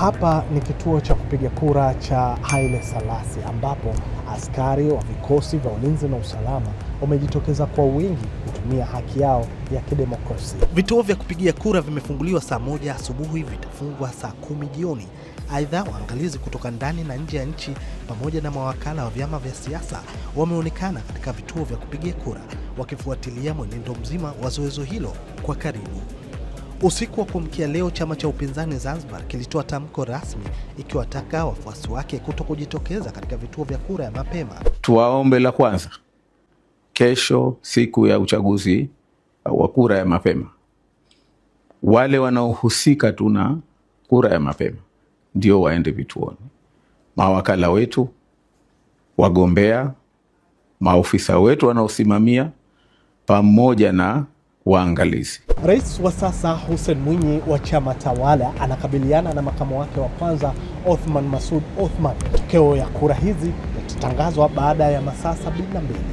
Hapa ni kituo cha kupiga kura cha Haile Selassie ambapo askari wa vikosi vya ulinzi na usalama wamejitokeza kwa wingi kutumia haki yao ya kidemokrasia. Vituo vya kupigia kura vimefunguliwa saa moja asubuhi, vitafungwa saa kumi jioni. Aidha, waangalizi kutoka ndani na nje ya nchi pamoja na mawakala wa vyama vya siasa wameonekana katika vituo vya kupigia kura wakifuatilia mwenendo mzima wa zoezo hilo kwa karibu. Usiku wa kuamkia leo, chama cha upinzani Zanzibar kilitoa tamko rasmi ikiwataka wafuasi wake kuto kujitokeza katika vituo vya kura ya mapema. Tuwaombe la kwanza, kesho siku ya uchaguzi wa kura ya mapema, wale wanaohusika tu na kura ya mapema ndio waende vituoni, mawakala wetu, wagombea, maofisa wetu wanaosimamia pamoja na waangalizi. Rais wa sasa Hussein Mwinyi wa chama tawala anakabiliana na makamu wake wa kwanza Othman Masud Othman. Matokeo ya kura hizi yatatangazwa baada ya masaa 72.